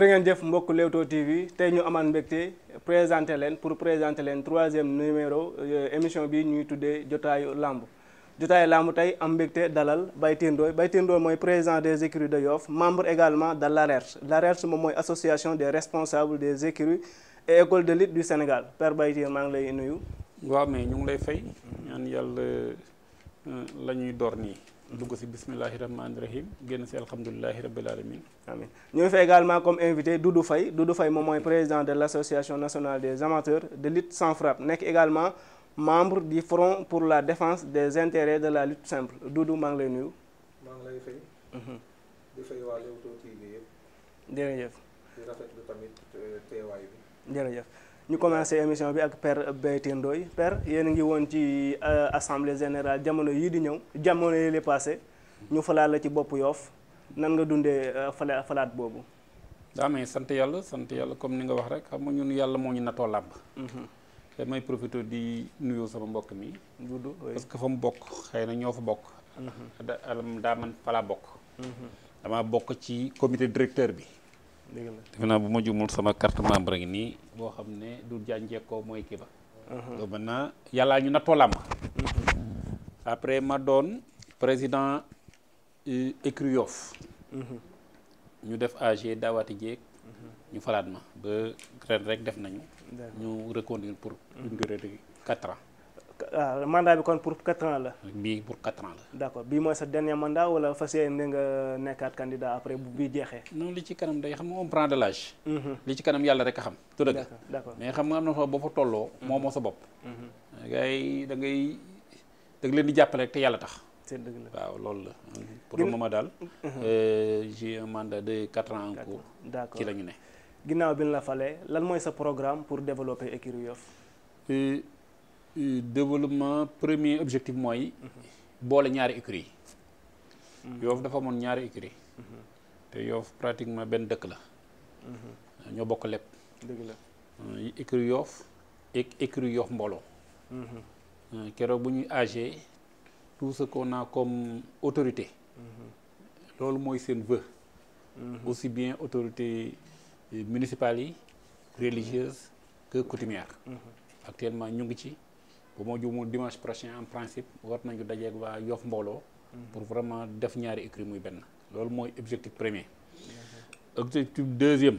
jërë ngeen jëf mbokk Leewtoo TV tey ñu amaan mbégte présenté leen pour présenter leen troisième numéro euh, émission bi ñuy tuddee jotaayu làmb jotaayu làmb tey am mbégte dalal Baye Tindooy Baye Tindooy mooy président des écuries de Yoff membre également de l'ARERS l'ARERS moom mooy association des responsables des écuries école de lutte du Sénégal Père Baye Tindooy maa ngi lay nuyu. waaw mais ñu ngi lay fay ñaan yàlla euh, la ñuy door nii. dugg si bismillahi rahmaani rahim génn si alhamdulilahi rabil alamin amiin ñu ngi fi également comme invité Doudou Faye Doudou Faye moom mooy président de l' association nationale des amateurs de lutte sans frappe nekk également membre du front pour la défence des intérêts de la lutte simple Doudou maa ngi lay nuyu. maa ngi lay fay. Mhm. fay waa Leewtoo TV ñu commencé émission bi ak per Bété Ndoye père yéen a ngi woon ci euh, assemblée général jamono yii di ñëw jamono yi li passé ñu falaat la ci bopp yoof nan nga dundee euh, fala falaat boobu. daa mais sant yàlla sant yàlla comme ni nga wax rek xam nga ñun yàlla moo ñu natoo làmb. Mhm. te may profité di nuyoo sama mbokk mi. parce que fa mu bokk xëy na ñoo fa bokk. Mhm. da daa man fa bokk. Mhm. dama bokk ci comité directeur bi. defe naa bu ma jumul sama carte membre ngi nii boo xam ne du jànjeekoo mooy kii ba uh-huh. donc maintenant yàllaa ñu nattoo làmb uh-huh. après ma doon président euh, écurie Yoff uh-huh. ñu def AG daawati jéeg ñu falaat ma ba ren rek def nañu ñu reconduire pour une durée de quatre ans waaw ah, mandat bi kon pour quatre ans la. bii pour quatre ans la. d' accord bii mooy sa dernier mandat wala fas yéene nga nekkaat candidat après bu jeexee. non li ci kanam de mhm. a xam. tout dëgg mais xam nga am na fa boo fa tolloo. Mhm. moo sa bopp. gars mhm. yi da da nga leen di jàppale rek te yàlla tax. waaw loolu la pour le moment daal euh, j'ai mandat de quatre ans en cours ci la ñu ne ginnaaw bi ñu la falee lan mooy sa programme pour développer Écurie Yoff euh, Euh, développement premier objectif mooy. boole ñaari écuries yi. Mhm. Yoff dafa moon ñaari écuries mhm. te Yoff pratiquement benn dëkk la. Mhm. Euh, ñoo bokk lépp. dëgg la euh, écurie Yoff ek écurie Yoff mbooloo. keroog bu ñuy âgé tout ce qu'on comme autorité. loolu mooy seen vœu. aussi bien autorité municipale yi religieuse que coutumière. actuellement ñu ngi ci. bu ma mu dimanche prochain en principe war nañu dajee waa Yoff mbooloo. Mhm. pour vraiment def ñaari écrit muy benn. loolu mooy objectif premier. Mhm. objectif deuxième.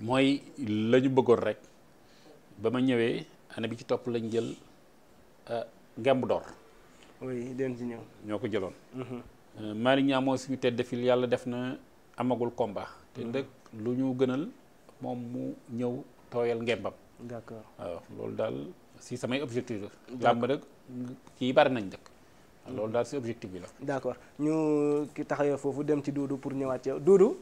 mooy la ñu bëggoon rek ba ma ñëwee année bi ci topp lañ jël euh, ngemb d'or. oui ñoo ko jëloon. Mhm. Euh, Malick Niang moo suñu tête yàlla def na amagul combat. te ndëkk lu ñu gënal moom mu ñëw tooyal ngembam. d'accord loolu daal si samay objective la. làmb rek kii bari nañ dëkk. loolu daal si objectif bi la. d'accord ñu ki taxawee foofu dem ci Doudou pour ñëwaat ci yow Doudou.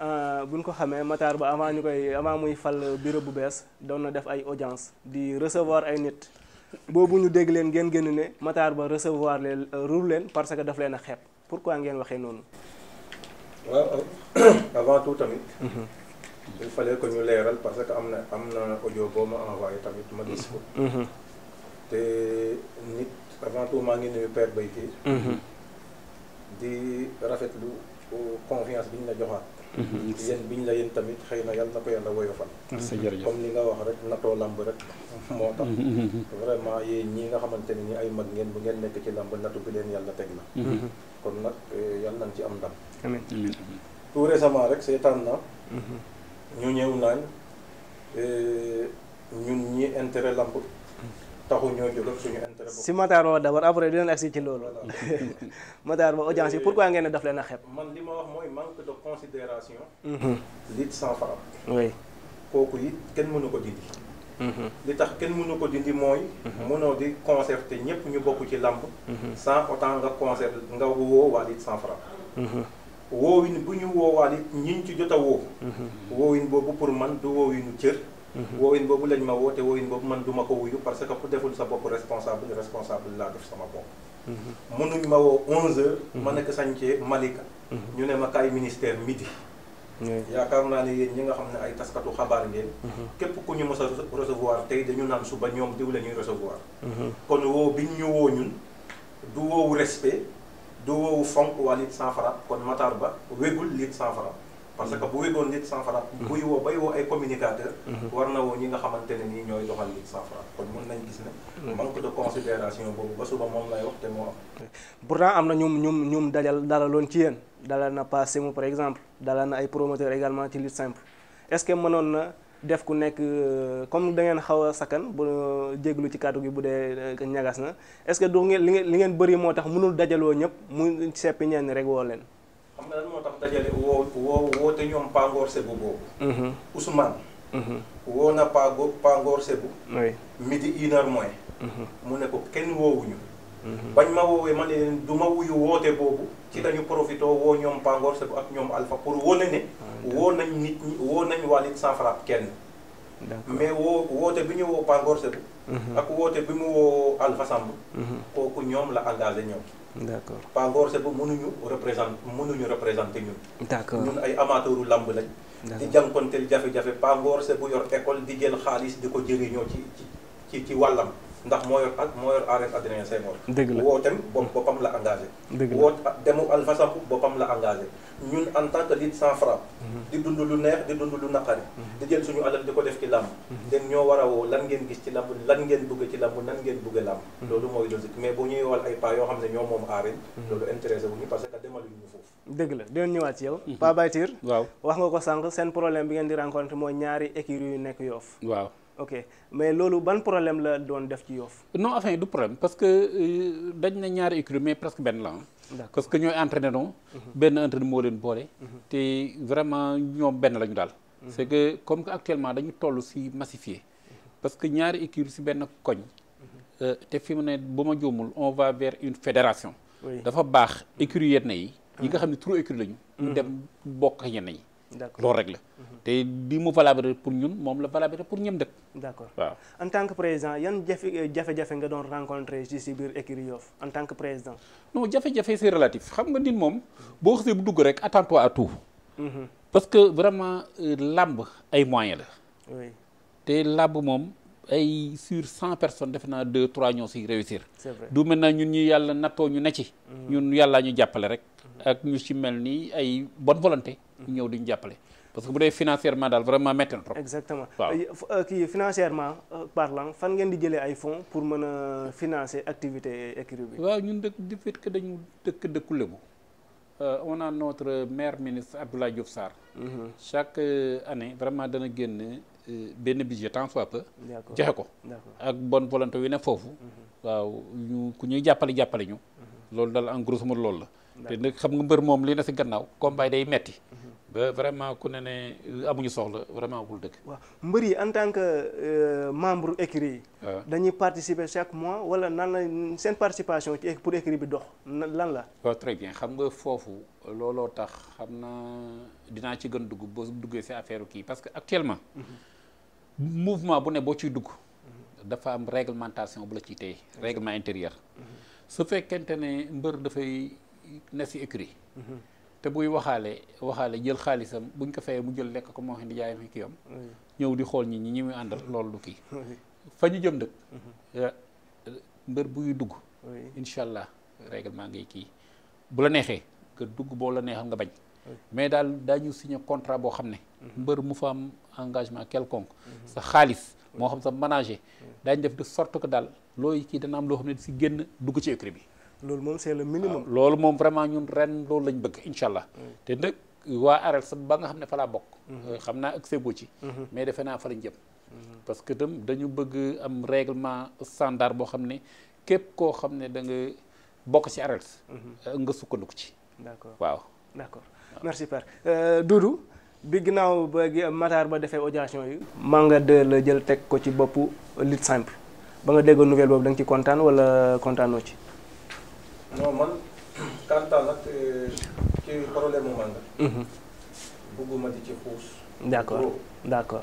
Euh, bu ñu ko xamee Matar ba avant ñu koy avant muy fal bureau bu bees doon na def ay audience di recevoir ay nit boobu ñu dégg leen ngeen génn ne Matar ba recevoir leen euh, ruur leen parce que daf leen a xeeb pourquoi ngeen waxee noonu. waaw avant tout tamit. Mhm. il fallait que ñu leeral parce que am na am na audio boo ma envoyé tamit ma gis ko. Mm-hmm. te nit avant tout maa ngi nuyu Père Bayte. Mm-hmm. di lu euh, confiance bi ñu la joxaat. Mm-hmm. yéen bi ñu la yéen tamit xëy na yàlla na ko yàlla woyofal. Ah, comme li nga wax rek natoo lamb rek moo tax. vraiment yéen ñi nga xamante ne ni ay mag ngeen bu ngeen nekk ci lamb natu bi leen yàlla teg la. kon nag euh, yàlla nañ ci am ndam. amiin tout rek seetaan na. ñu ñëw naañ euh, ñun ñi intérêt lamb taxu ñoo jóg ak suñu intérêt bopp. si Matar Ba d'abord après dinañ agsi ci loolu. Matar Ba audience yi pourquoi ngeen ne daf leen a xeeb. man li ma wax mooy manque de considération. Mhm. liit sans faram. oui kooku it kenn mënu ko dindi. Mhm. li tax kenn mënu ko dindi mooy. Mhm. mënoo di concerté ñëpp ñu bokk ci lamb. san autant nga concerté nga woo waa liit sans faram. woowin bu ñu woowaal it ñi ci jot a woo mhm. woowin boobu pour man du woowinu cër mhm. woowin boobu lañ ma woote woowin boobu man du ma ko wuyu parce que ku deful sa bopp responsable responsable laa def sama bopp mënuñ mhm. ma woo onze heures ma nekk sañcee Malika ñu ne ma kaay ministère midi yaakaar naa ne yéen ñi nga xam ne ay taskatu xabaar ngeen képp ku ñu mos a recevoir tey dañu naan suba ñoom diw la ñuy kon woo biñ ñu woo ñun du woowu respect du woowu fonk waa litre cent franc kon Matar Ba wégul litre cent franc parce que bu wégoon litre cent franc mm-hmm. buy woo bay woo ay communicateur mm-hmm. war na woo ñi nga xamante ne nii ñooy doxal litre cent kon mën nañ gis ne mm-hmm. manque de considération boobu ba suba moom lay wax te moo am pourtant am na ñum ñum ñum dajal dalaloon ci yéen dalal na pas Sémou par exemple dalal na ay promoteur également ci lutte simple est-ce que mënoon na def ku nekk euh, comme da ngeen xaw a sakan bu euh, jéglu ci kàddu gi bu dee euh, ñagas na est-ce que du ngeen li ngeen li ngeen bëri moo tax mënul dajaloo ñëpp mu seppi ñenn rek woo leen. xam nga lan moo tax dajale woo woo woote ñoom Pangor Sébou boobu. Mhm. Ousmane. Mhm. woo na Pangor Pangor Sébou. oui midi une heure mhm. mu ne ko kenn woowuñu. Mhm. bañ ma woowee ma ne leen du ma wuyu woote boobu. ci dañu mhm. profité woo ñoom Pangor Seck ak ñoom alfa pour wane ne. Mhm. woo nañ nit ñi woo nañ Walit sans frappe kenn. mais woo woote bi ñu woo Pangor Seck. ak woote bi mu woo Alpha Samb. kooku ñoom la engagé ñoom. d' accord Pangor Seck mënuñu représenté mënuñu représenté ñun. d' accord ñun ay amateuru làmb lañ. di jànkonteel jafe-jafe se Seck yor école di jël xaalis di ko jëriñoo ci ci ci wàllam. ndax moo yor ak moo yor arrêt Adrien Senghor. dëgg la wooteem mm. boppam la engagé. dëgg la woot demu Alpha Samp boppam la engagé ñun en tant que litre cent mm-hmm. di dund lu neex di dundu lu naqari. Mm-hmm. di jël suñu alal di ko def ci làmb. Mm-hmm. den ñoo war a woo lan ngeen gis ci làmb lan ngeen bëgg ci làmb nan ngeen bëgg làmb. loolu mooy logique mais bu ñuy wal ay pas yoo xam ne ñoo moom arène. loolu intéressé wu ñu parce que demaluñu ñu foofu. dëgg la dinañ ñëwaat ci yow. Pape Baye Tir. nga ko sànq seen problème bi ngeen di rencontré mooy ñaari écuries yu nekk Yoff. ok mais loolu ban problème la doon def ci Yoff no enfin du problème parce que euh, dañ na ñaari écurie mais presque benn la parce que ñooy entraîné non mhm. benn entraîné moo leen boole mhm. te vraiment ñoom benn la daal mhm. c'est que comme que actuellement dañu toll si massifié parce que ñaari écurie si benn koñ euh, te fi mu ne bu ma juumul on va vers une fédération dafa baax écurie yenn yi yi nga xam ne trop écurie lañu ñu dem bokk yenn yi loolu rek la mhm. te li mu valable pour ñun moom la valable pour ñëm dëkk d'accord waaw en tant que président yan jafe euh, jafe-jafe nga doon rencontré ci si biir écurie en tant que président non jafe-jafe c'est relatif xam nga nit moom boo xasee bu dugg rek attends-toi mhm. parce que vraiment euh, làmb ay moyens la te làmb moom ay sur cent personne defe naa deux trois ñoo si réussir. c'est vrai du maintenant ñun ñu yàlla nattoo ñu ne ci. Mm-hmm. ñun yàllaa ñu jàppale rek. Mm-hmm. ak ñu ci mel ni ay bonne volonté. Mm-hmm. ñëw di ñu jàppale. parce que bu dee financièrement daal vraiment métti na trop. exactement waaw euh, kii financièrement euh, parlant fan ngeen di jëlee ay fonds pour mën a financer activité écurie bi. waaw ñun dëkk di fait dañu dëkk dëkku Lebu. Euh, on a notre maire ministre Abdoulaye Diouf Sarr. chaque année vraiment dana génn. Euh, benn budget tant soit peu joxe ko ak bon volonté wi ne foofu mhm. waaw ñu ku ñuy jàppale jàppale ñu mhm. loolu dal en grosso modo loolu la te nag xam nga mbër moom li na si gannaaw combat day metti mhm. ba vraiment ku ne ne euh, amuñu soxla vraiment bul dëkk. waaw mbër yi en tant que euh, membre écurie yi. Ah. dañuy participer chaque mois wala nan la seen participation ci pour écurie bi dox lan la. waaw très bien xam nga foofu looloo tax xam na dinaa ci gën dugg boo duggee si affaire kii parce que actuellement. Mhm. mouvement bu ne boo ciy dugg. Mhm. dafa am réglementation bu la ciy tey règlement intérieur. Mhm. su fekkente ne mbër dafay ne si écurie. te buy waxaale waxaale jël xaalisam buñ ko fayee mu jël lekk ko moo xam ne jaay ma kii am ñëw di xool ñi ñi ñi muy àndal loolu du kii fa ñu jëm dëkk mhm. mbër buy dugg incha allah maa ngi kii bu la neexee nga dugg boo la neexal nga bañ mais daal daañu signé contrat boo xam ne mhm. mbër mu fa am engagement quelconque mhm. sa xaalis moo xam sa manager daañ def de sorte que daal looy kii dana am loo xam ne si génn dugg ci écurie bi loolu moom c'est le minimum. loolu moom vraiment ñun ren loolu lañ bëgg incha allah. Mm. te nag waa ARELS ba nga xam ne fa laa bokk. Mm-hmm. Euh, xam naa ak sébo ci. Mm-hmm. mais defe naa fa lañ mm-hmm. parce que tam dañu bëgg am règlement standard boo xam ne képp koo xam ne da nga bokk ci ARELS. Euh, nga sukkandiku ci. d'accord waaw. d'accord merci père euh, Doudou bi ginnaaw ba Matar ba defee audition yi. Manga 2 la jël teg ko ci boppu lutte simple ba nga déggoo nouvelle boobu da nga ci kontaan wala kontaanoo ci. non man quant à nag ci eh, problème mu màngal. Mhm. bëgguma di ci xuus. d' accord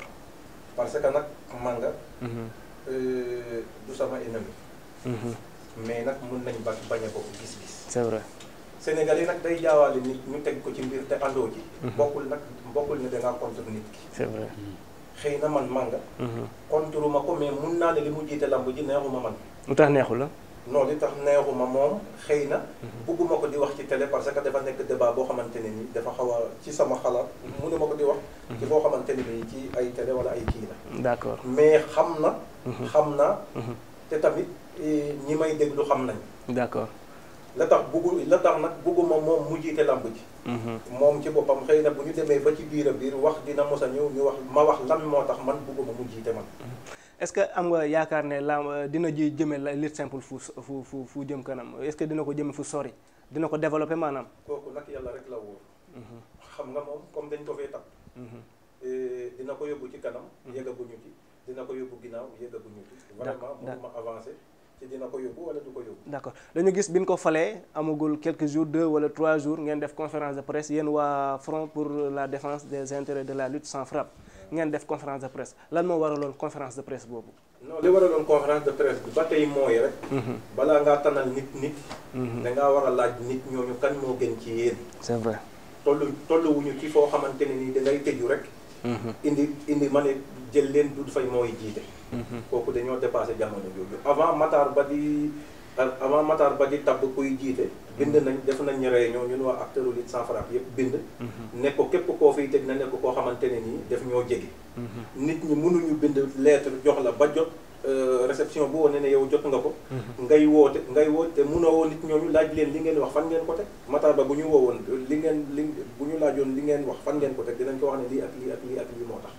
parce que nag màngal. Mhm. Eh, du sama ennemi. Mhm. mais nag mën nañ ba bañ a gis-gis. c' est vrai. nag day jaawaale nit ñu teg ko ci mbir te àndoo ji. bokkul nag bokkul ne da ngaa contre nit ki. c' est xëy na man mànga. contre ma ko mais mun naa ne li mu jiite lamb ji neexuma man. lu tax neexu la. non li tax neexuma moom xëy na. Mhm. bugguma ko di wax ci télé parce que dafa nekk débat boo xamante ne dafa xaw a ci sama xalaat. ma ko di wax. ci boo mhm. xamante ne nii ci ay télé ay kii la. mais xam na. Mhm. xam na. te eh, ñi may déglu xam nañ. d'accord la tax buggu la tax nag bugguma moom mu jiite làmb ji. moom ci boppam xëy na bu ñu demee ba ci biir a biir wax dina mos a ñëw ñu wax ma wax lan moo tax man bugguma mu jiite man. est-ce que am nga yaakaar ne la euh, dina ji jëme la lutte simple fu fu fu fu jëm kanam est-ce que dina ko jëme fu sori dina ko développé maanaam. kooku nag yàlla rek la wóor. Mhm. xam nga moom comme dañ ko fee tàmm. dina ko yóbbu ci kanam. Mhm. yeggaguñu ci dina ko yóbbu ginnaaw yeggaguñu ci. vraiment mënuma avancé. ci dina ko yóbbu wala du ko yóbbu. d'accord dañu gis bi ñu ko falee amagul quelques jours deux wala trois jours ngeen def conférence de presse yéen waa front pour la défense des intérêts de la lutte sans ngeen def conférence de presse lan moo waraloon conférence de presse boobu. non li waraloon conférence de presse bi ba tey mooy rek. Mhm. balaa ngaa tanal nit nit. Mhm. da war a laaj nit ñooñu kan moo gën ci yéen. c'est vrai tollu tolluwuñu ci foo xamante nii da ngay tëju rek. Mhm. indi indi ma ne jël leen du fay mooy jiite. kooku dañoo dépassé jamono jooju avant Matar ba di. avant Matar ba di tabb kuy jiite. bind nañ def nañ ñu ñoo ñun waa acteur u lutte sans frappe bind. Mhm. ne ko képp koo fiy teg na nekk ko koo xamante ne nii def ñoo jege. Mhm. nit ñi mënuñu bind lettre jox la ba jot. Euh, réception bu wane ne yow jot nga ko. Mhm. ngay woote ngay woote munoo woo nit ñooñu laaj leen li ngeen wax fan ngeen ko teg. Matar ba bu ñu woowoon li ngeen li bu ñu laajoon li ngeen wax fan ngeen ko teg dinañ ko wax ne lii ak lii ak lii ak moo tax.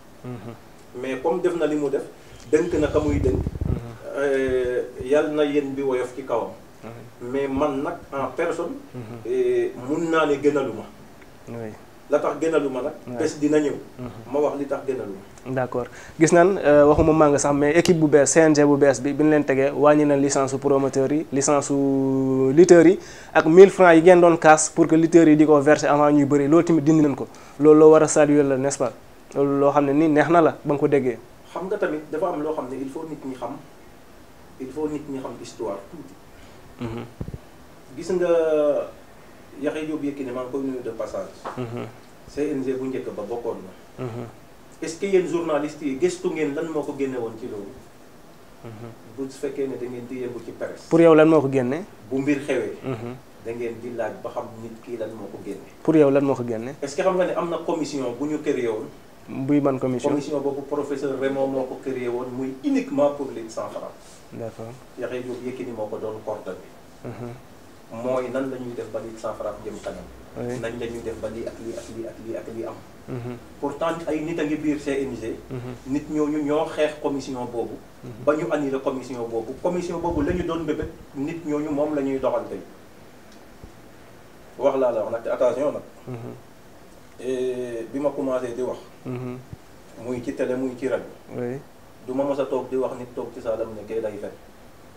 mais comme def na li mu def dënk na ka muy Euh, yal na yéen bi woyof ci kawam. mais man nag en personne. Mhm. Euh, mun naa ne gënaluma. la tax gënaluma nag. bés dina ñëw. Mhm. ma wax li tax gënaluma. d'accord gis nan euh, waxuma maa sax mais équipe bu bees CNG bu bees bi bi ñu leen tegee wàññi na licence su promoteur yi licence su lutteurs yi ak 1000 francs yi ngeen doon kaas pour que lutteurs yi di ko verser avant ñuy bëri loolu tamit dindi leen ko loolu loo war a saluer la nest pas loolu loo xam ne nii neex na la ba nga ko déggee. xam nga tamit dafa am loo xam ne il faut nit ñi xam. il faut nit ñi xam histoire tuuti. Mhm. gis nga Yaxya Jóob Yékini maa ngi koy nuyu de passage. Mhm. CNG bu njëkk ba bokkoon na. Mhm. est-ce que yéen journalistes yi gëstu ngeen lan moo ko génne woon ci loolu. bu fekkee ne da ngeen di yëngu ci presse. pour yow lan moo ko génne. bu mbir xewee. da ngeen di laaj ba xam nit kii lan moo ko génne. pour yow lan moo ko génne. est-ce que xam nga ne am na commission bu ñu créé woon. buy man commission commission boobu professeur Raymond moo ko créé woon muy uniquement pour les san francs. d' accord Yaxya Diop Yékini moo ko doon coordonné. Mhm. mooy nan lañuy def ba litre cent francs jëm kanam. nañ la def ba lii ak lii ak lii ak lii ak lii am. Mhm. pourtant ay nit a ngi biir CNG. Mhm. nit ñooñu ñoo xeex commission boobu. ba ñu annulé commission boobu commission boobu la ñu doon bébét nit ñooñu moom la ñuy doxal tey wax laa la wax nag te attention nag. Euh, bi ma commencé di wax. Mm-hmm. muy ci télé muy ci rajo. du ma mos a toog di wax nit toog ci saalam ne kay day fen.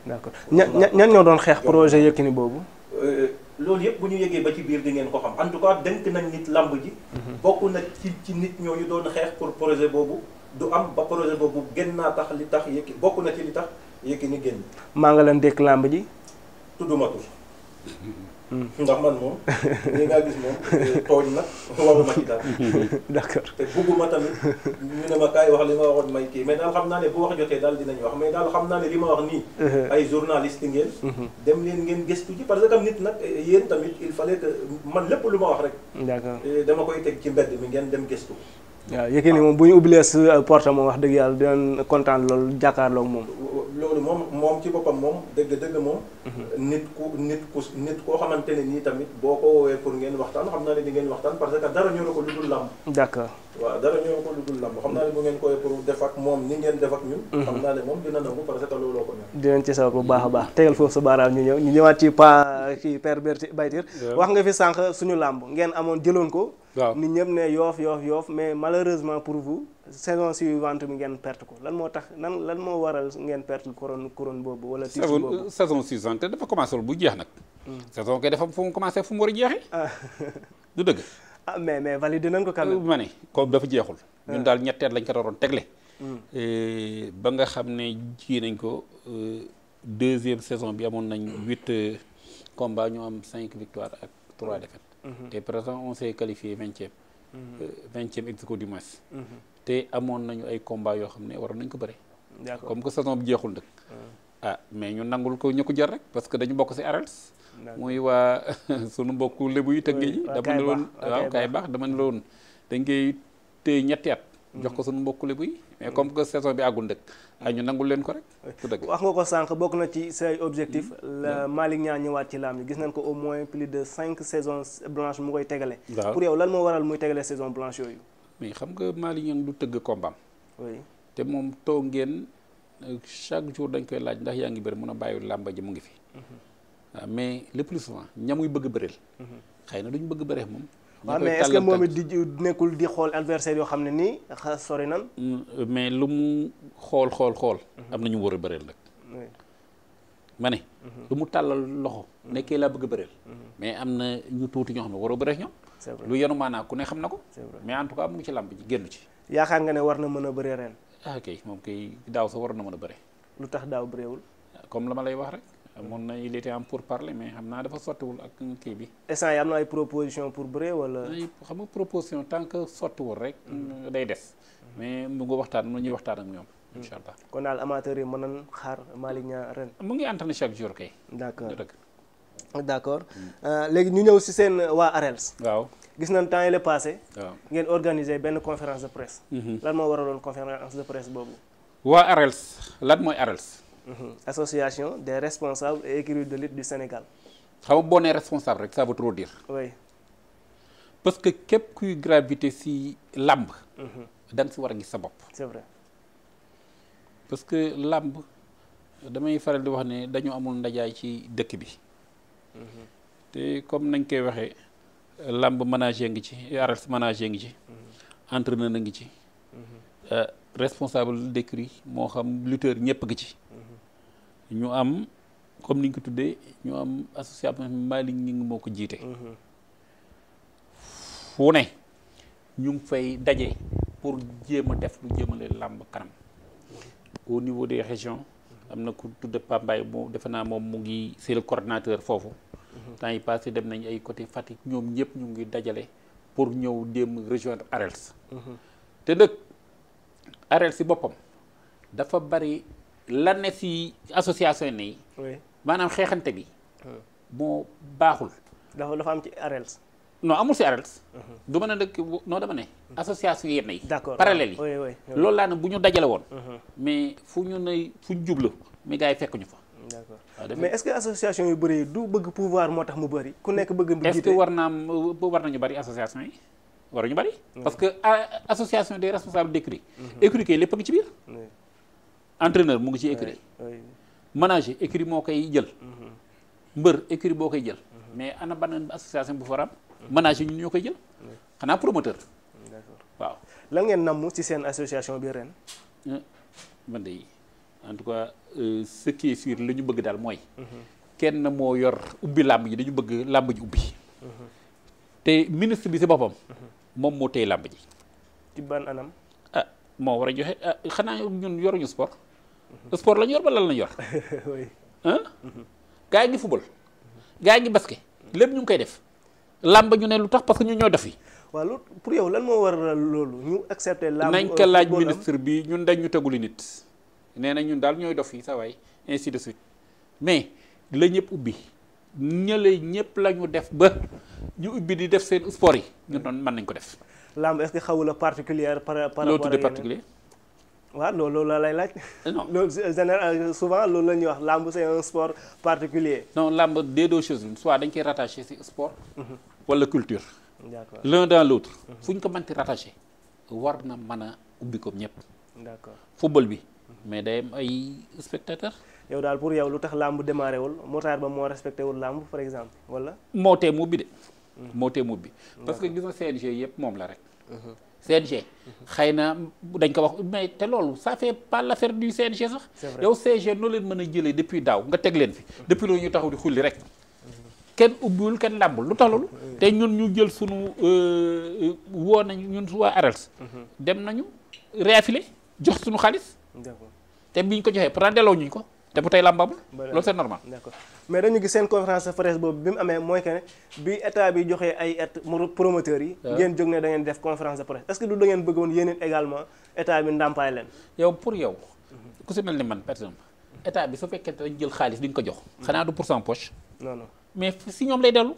d'accord ña ñan ñoo doon xeex projet Yékini boobu. Euh, loolu yëpp bu ñu yëgee ba ci biir di ngeen ko xam en tout cas dénk nañ nit làmb ji. Mm-hmm. bokk na ci ci nit ñooñu doon xeex pour projet boobu du am ba projet boobu gën naa tax li tax Yékini bokk na ci li tax Yékini génn. maa nga leen dékk làmb ji. tudduma tur. ndax man moom li nga gis moom eh, tooñ na waruma ci dara. d'accord te bugguma tamit ñu ne ma kaay wax li ma waxoon may kii mais daal xam naa ne bu wax jotee daal dinañ wax mais daal xam naa ne li ma wax nii. Uh-huh. ay journaliste ngeen. Uh-huh. dem leen ngeen gëstu ji parce que nit nag eh, yéen tamit il fallait que man lépp lu ma wax rek. d'accord eh, dama koy teg ci mbedd mi ngeen dem gëstu. waaw Yékini moom bu ñu ubbilee wax dëgg yàlla dinañ kontaan loolu jàkkaarloog moom. loolu moom moom ci boppam moom dëgg-dëgg moom. Mhm. nit ku nit ku nit koo xamante ne tamit boo ko woowee pour ngeen waxtaan xam naa ne di ngeen waxtaan parce que dara ñëw na ko lu dul làmb. d'accord waaw dara ñëw na ko lu dul làmb xam naa ne bu ngeen koy pour def ak moom ni ngeen def ak ñun. Mhm. xam naa ne moom dina nangu parce que looloo ko ñor. dinañ ci sawar bu baax a baax tegal foofu sa baaraam ñu ñëw ñu ñëwaat ci pa ci père Baytir. wax nga fi sànq suñu làmb saison suivante bi ngeen perte ko lan moo tax nan lan moo waral ngeen perte couronne couronne boobu wala titre boobu euh, saison suivante dafa commencé wul bu jeex nag hmm. saison kay dafa fu mu commencé fu mu war a jeexee ah. du dëgg ah, mais mais validé nañ ko quand même euh, ma ne comme dafa jeexul ah. ñun daal ñetteel lañ ko doon tegle hmm. euh, ba nga xam ne ji nañ ko deuxième saison bi amoon nañ huit combats ñu am cinq victoires ak trois hmm. défaites te présent on s'est vingtième vingtième te amoon nañu ay combat yoo xam ne war nañ ko bëre. comme ko saison bi jeexul nag. Hmm. ah mais ñu nangul ko ñu ko jar rek parce que dañu bokk ci arels muy waa sunu mbokku lébu yi tëggee ji. dama ne woon waaw kay baax dama at. Hmm. jox ko sunu mbokku lébu yi. mais hmm. comme que saison bi àggul dëkk ah ñu nangul leen ko rek. ku dëgg wax nga ko sànq bokk na ci say objectif. la Malick Niang ñëwaat ci laam yi gis nañ ko au moins plus de cinq saisons blanches mu koy tegale. pour yow lan saison blanche yooyu. mais xam nga Malick Niang du tëgg kombaam oui te moom toog ngeen euh, chaque jour dañ koy laaj ndax yaa ngi bëri mun a bàyyi làmba mu ngi fi. waaw mhm. ah, mais le plus souvent ñamuy bëgg bëreel. Mhm. xëy na duñ bëgg bëree moom. waaw ah, mais est-ce que di nekkul di xool adversaire yoo xam ne nii sori nan mm, euh, mais lu mu xool xool xool. Mhm. am na ñu war a bëreel ma ne mhm. lu mu tàllal loxo mhm. nekkee laa bëgg a bëreel mhm. mais am na ñu tuuti ñoo xam ne waroo bëree ñoom lu yenu maanaa ku ne xam na ko mais en am ci làmb ji génn ci yaakaar nga ne war na mën a bëree ren ah kay moom kay daaw sa war na mën a bëree lu tax daaw bëreewul comme la ma lay wax rek amoon na il am pour pourparlers mais xam naa dafa sottiwul ak kii bi instant yi am na ay proposition pour bëree wala xam nga proposition tant que sottiwul rek day des mais mu ngi waxtaan mu ñuy waxtaan ak ñoom incha allah kon daal amateurs yi man nañu xaar Malick ren. mu ngi entraîné chaque jour kay. d' accord d' léegi ñu ñëw si seen waa ARELS. waaw gis nañ temps yi la passé. waaw ngeen organiser benn conférence de presse. Mhm. lan moo waraloon conférence de presse boobu. waa ARELS lan mooy ARELS. Mhm. association des responsables et de lutte du Sénégal. xam boo nee responsable rek sa veut trop dire. oui parce que képp kuy gravité si làmb. Mhm. da nga war a gis sa bopp. parce que làmb damay faral di wax ne dañu amul ndajaay ci dëkk bi. Mhm. te comme nañ koy waxee làmb manager ngi ci ARS manager ngi ci. Mhm. entraîneur na ngi ci. Mhm. Euh, responsable d'écurie moo xam lutteur ñëpp ngi ci. ñu am comme ni ko tuddee ñu am association Malick ñi ngi moo ko jiite. fu ne ñu fay daje pour jéem a def lu jéemale làmb kanam. au niveau des régions am na ku tudd Pambaay moo defe naa moom mu ngi c'est le foofu mhm. temps yi passé dem nañ ay côté Fatick ñoom ñëpp ñu ngi dajale pour ñëw dem rejoindre ARELS mhm. te nag ARELS si boppam dafa bari lan ne si association yi maanaam xeexante bi hmm. moo baaxul dafa dafa am ci ARELS non amul si arels du mën a dëkk non dama ne association yenn yi parallèle yi loolu laa ne bu ñu dajale woon mhm. mais fu ñu ne fu ñu jublu mi gars yi fekk ñu fa d'accord mais est-ce que association yu bëri du bëgg pouvoir moo tax mu bëri ku nekk bëgg mu jiite war naa euh, war nañu bëri association yi waruñu bëri mhm. parce que euh, association des responsables d'écurie mhm. écurie kay lépp a ngi ci biir entraîneur mu ngi ci écurie manager écurie moo koy jël mbër écurie boo koy jël mais ana ban association bu faram manage yi ñun ñoo koy jël xanaa promoteur waaw la ngeen namm ci seen association bi ren euh, man de en tout cas euh, ce qui est li ñu bëgg daal mooy mhm. kenn moo yor ubbi làmb ji dañu bëgg làmb ji ubbi mhm. te ministre bi si boppam mhm. moom moo tey làmb ji ci anam ah moo war a joxe ah xanaa ñun yoruñu sport sport la ñu yor ba la ñu yor ah yi ngi football gaa ngi baske lépp ñu ngi koy def làmb ñu ne lu tax parce que ñu ñoo def yi waaw loolu pour yow lan moo war waral loolu ñu accepté làmb nañ ko laaj ministre bi ñu dañ ñu teguli nit nee na ñun daal ñooy dof yi sa waay ainsi de suite mais la ñëpp ubbi ñële ñëpp la ñu def ba ñu ubbi di def seen sport yi ñu noonu mën nañ ko def làmb est-ce que xawula particulière par par rapport waaw loolu la lay laaj. non loolu général souvent loolu la ñuy wax làmb c'est un sport particulier. lamb làmb des deux choses soit dañ koy rattaché si sport. Mhm. wala culture. d'accord l'un dans l'autre. Mhm. ko mënti rattaché. war na mën a ubbi ñëpp. d'accord football bi. Mhm. mais day am ay spectateurs. yow daal pour yow lu tax làmb démarré wul motard ba moo respecté wul làmb par exemple wala. moo tee mu ubbi de. moo tee mu ubbi. parce que gis nga CNG yëpp moom la rek. CNG. xëy na dañ ko wax mais te loolu ça fait pas l'affaire du CNG sax. yow CNG noo leen mën a jëlee depuis daaw nga teg leen fi. depuis loolu ñu taxaw di xulli rek. kenn ubbiwul kenn làmbul lu tax loolu. te ñun ñu jël sunu euh, euh, woo nañ ñun su waa ARELS. Mhm. dem nañu réaffilé jox sunu xaalis. te biñ ko joxee pourtant delloo ñuñ ko. te bu tey làmb amul loolu c'est normal d'accord mais dañu gis seen conférence de presse boobu bi mu amee mooy que bi état bi joxee ay et promoteurs yi ah. ngeen jóg ne da def conférence de presse est-ce que du da ngeen bëggoon yéneen également état man par exemple état bi su fekkee dañ jël xaalis duñ ko jox xanaa du pour cent poche mais si ñoom lay dellu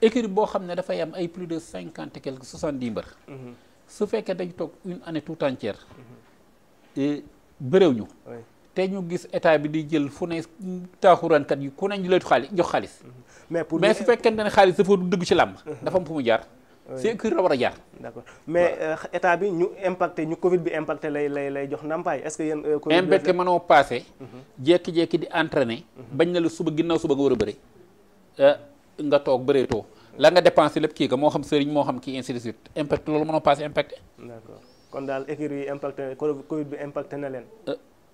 écurie boo xam ne dafay am ay plus de cinquante et quelque soixante dix mbër mhm. su fekkee dañ toog une année tout entière bëréew ñu te ñu gis état bi di jël fu ne taaxuraankat yi ku ne ñu lay xaalis jox xaalis. Mhm. mais pour mais su fekkente ne xaalis dafa dugg mhm. fu mu jaar. c'est que la war a jaar. d'accord mais euh, état bi ñu impacté ñu Covid bi impacté lay lay jox ndàmpaay est-ce que yéen. Euh, Covid impacté mënoo passé. Mhm. a euh, kon daal écurie yi Covid bi impacté na leen.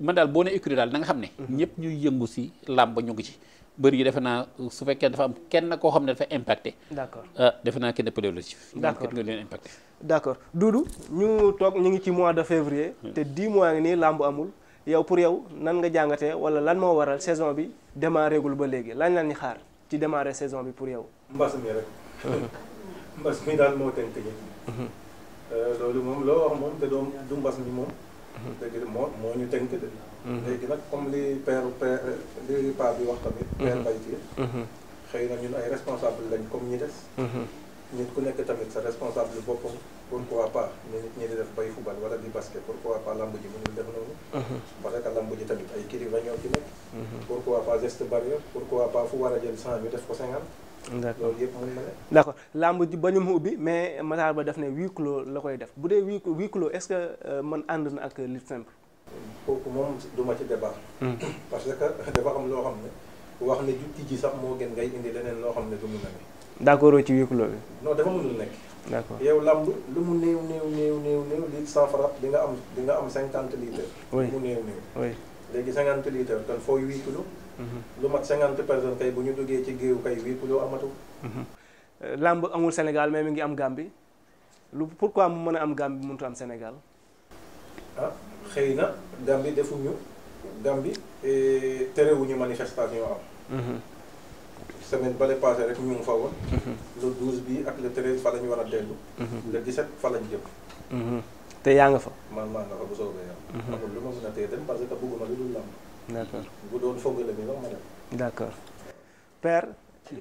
man daal boo ne écurie daal na nga xam ne. Mhm. ñëpp ñuy yëngu si làmb ñu ngi ci. bëri yi defe naa su fekkee dafa am kenn koo xam ne dafa impacté. d' accord ah, defe naa kenn pëlewul ci. d' accord nga leen impacté. d' ñu toog ñu ngi ci mois de février. te di mois ngi nii làmb amul. yow pour yow nan nga jàngatee wala lan moo waral saison bi démarré gul ba léegi lan la ñuy xaar ci démarré saison bi pour yow. mbas mi rek. mbas mi daal moo tënk ñi. Mhm. Euh, loolu moom loo wax moom te doom du mbas mi moom. Mm-hmm. léegi moo moo ñu tënk de. Mm-hmm. léegi nag comme li père père li pa bi wax tamit. Mm-hmm. père bay fii. xëy na ñun ay responsable lañ comme ñi des. nit ku nekk tamit sa responsable boppam pourquoi pas ñu nit ñi def bay football wala di basket pourquoi pas lamb ji mënul def noonu. parce lamb ji tamit ay kilifa ñoo ci nekk. pourquoi pas geste barrière pourquoi pas fu war a jël cent ñu def ko cinquante. d'accord d'accord làmb ji ba ñu mu ubbi mais Matar Ba def ne huis clos la koy def bu dee huis huis clos est-ce que euh, man ànd na ak lutte simple. kooku moom du ma ci débat. Hmm. parce que dafa am loo xam ne wax ne jukki ji sax moo gën ngay indi leneen loo xam ne du mun na ne. d'accord ci huis clos bi. non dafa na nekk. d'accord yow làmb lu mu néew néew néew néew néew litre cent franc di nga am di nga am cinquante litres. oui mu néew néew. oui léegi cinquante litres kon foo huis clos. Mm-hmm. lu mat cinquante personnes kay bu ñu duggee ci géew kay huit kilos amatul. làmb amul Sénégal mais mi ngi am Gambie lu pourquoi mu mën a am Gambie mënut am Sénégal. ah xëy na Gambie defuñu Gambie e, ñu manifestation am. Mm-hmm. semaine bale passé rek ñu ngi fa woon. Mm-hmm. le douze bi ak le treize fa la ñu war a dellu. le dix fa la ñu jëm. te yaa nga fa. man maa nga fa bu soobee yàlla. amul lu ma mën a téye dem parce que bëgguma lu dul làmb. d'accord bu doon ma dem. d'accord père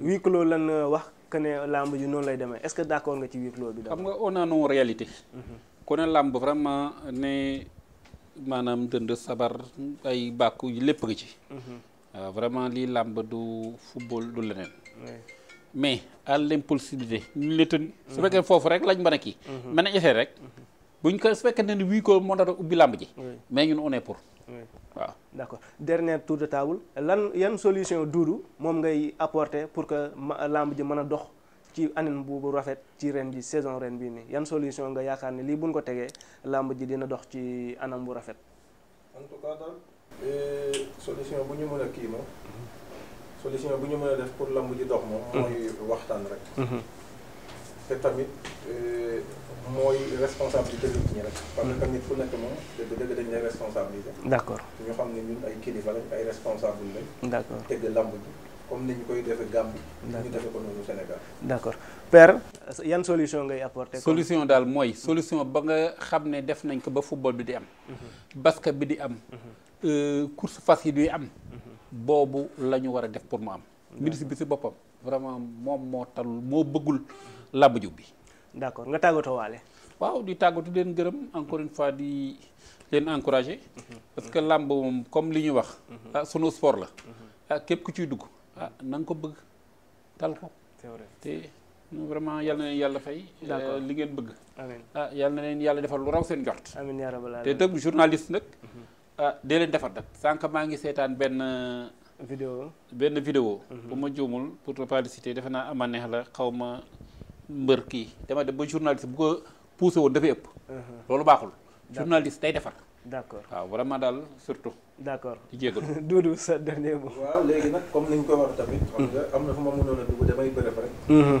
huis clos lan euh, wax que ne làmb ji noonu lay demee est-ce que d'accord nga ci huis clos bi. xam nga on a réalité réalités. Mhm. ku ne làmb vraiment ne maanaam dënd sabar ay bàkku lépp nga ci. waaw mhm. ah, vraiment lii làmb du football du leneen. mais à l'impossibilité ñu la tën. su fekkee mhm. foofu rek lañ mën a kii. rek. buñ ko su fekkee ne huis clos moo tax ubbi làmb ji. mais ñun on pour. waaw d' accord dernier tour de table lan yan solution duudu moom ngay apporter pour que làmb ji mën a dox ci anin bu rafet ci ren ji saison ren bii nii yan solution nga yaakaar ne lii bu buñ ko tegee lamb ji dina dox ci anam bu rafet en tout cas daal eh, solution bu ñu mën a kii moom solution bu ñu mën a def pour lamb ji dox moom mhm. mooy waxtaan rek mhm. te tamit eh, mooy responsabilité nit ñi rek. parce que nit fu nekk moom dëgg-dëgg dañ lay responsabiliser. d' ñu xam ne ñun ay kilifa lañ ay responsable lañ. d' accord tëgg comme ni ñu koy defee Gambie. d' accord ñu defee ko noonu Sénégal. d' accord yan solution ngay apporter. solution daal mooy solution ba nga xam ne def nañ ko ba football bi di am. Mhm. basket bi di am. Mhm. Euh, course fas yi di am. Mhm. boobu lañu war a def pour mu am. ministre bi si boppam vraiment moom moo talul moo bëggul làmb bi. d' accord nga tàggatoo waale. waaw di tàggatu leen gërëm encore une fois di leen encourager. Mhm. parce que làmb comme li ñuy wax. Mhm. ah sunu sport la. Mhm. Ah, képp ku ciy dugg ah na nga ko bëgg tal ko. c'est vraiment yal na leen yàlla fay. Eh, li ngeen bëgg. amiin ah yal na leen yàlla defal lu raw seen jort. amiin yaa rabbal aalamiin te dëgg journaliste nag. ah dee leen defar nag. sànq maa ngi seetaan benn. vidéo benn vidéo. bu ma juumul pour ne pas defe naa am neex la xaw ma. mbër kii dama dem ba journaliste bu ko poussé woon dafay ëpp. Mhm. loolu baaxul. journaliste day defar. d' accord waaw vraiment daal surtout. d' accord di jégalu Doudou sa dernier mot. waaw léegi nag comme ni ñu ko wax tamit. xam nga am na fu ma mënoon a dugg damay bëre rek. Mhm.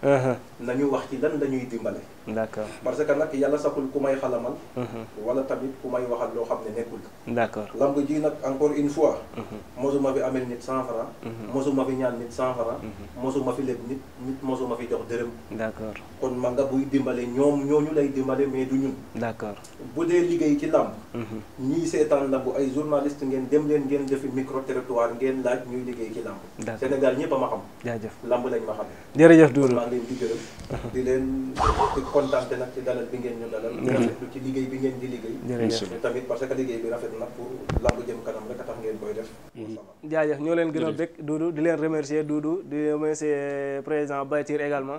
Uh-huh. nañu wax ci lan lañuy dimbale. d'accord parce que nag yàlla saxul ku may xalamal. Uh-huh. wala tamit ku may waxal loo xam ne nekkul. d'accord lamb ji nag encore une fois. Uh-huh. mosuma fi amel nit cent franc. mosuma fi ñaan nit cent franc. mosuma fi leb nit nit mosuma fi jox dërëm. d'accord kon ma nga buy dimbale ñoom ñooñu lay dimbale mais du ñun. d'accord bu dee liggéey ci lamb. ñii seetaan lamb ay journaliste ngeen dem leen ngeen defi micro territoire ngeen laaj ñuy liggéey ci lamb. Sénégal ñëpp a ma xam. jaajëf lamb lañ ma leen di gërëm uh-huh. di leen di kontaante nag ci dalal bi ngeen ñu dalal rafetlu ci liggéey bi ngeen di liggéey tamit parce que liggéey bi rafet na pour lamb jëm kanam rek a tax ngeen koy def mm-hmm. jaajëf ñoo leen gën a bëgg Doudou di leen remercier Doudou di remercier président Batir également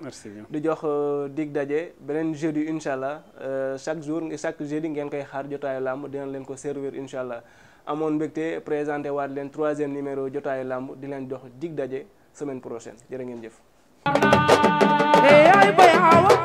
di jox euh, dig daje beneen jeudi incha allah euh, chaque jour chaque jeudi ngeen koy xaar jotaayu lamb dinañ leen ko servir incha allah amoon mbégte présente waat leen troisième numéro jotaayu lamb di leen jox dig daje semaine prochaine jërë ngeen jëf Hey, ay, bay, awa.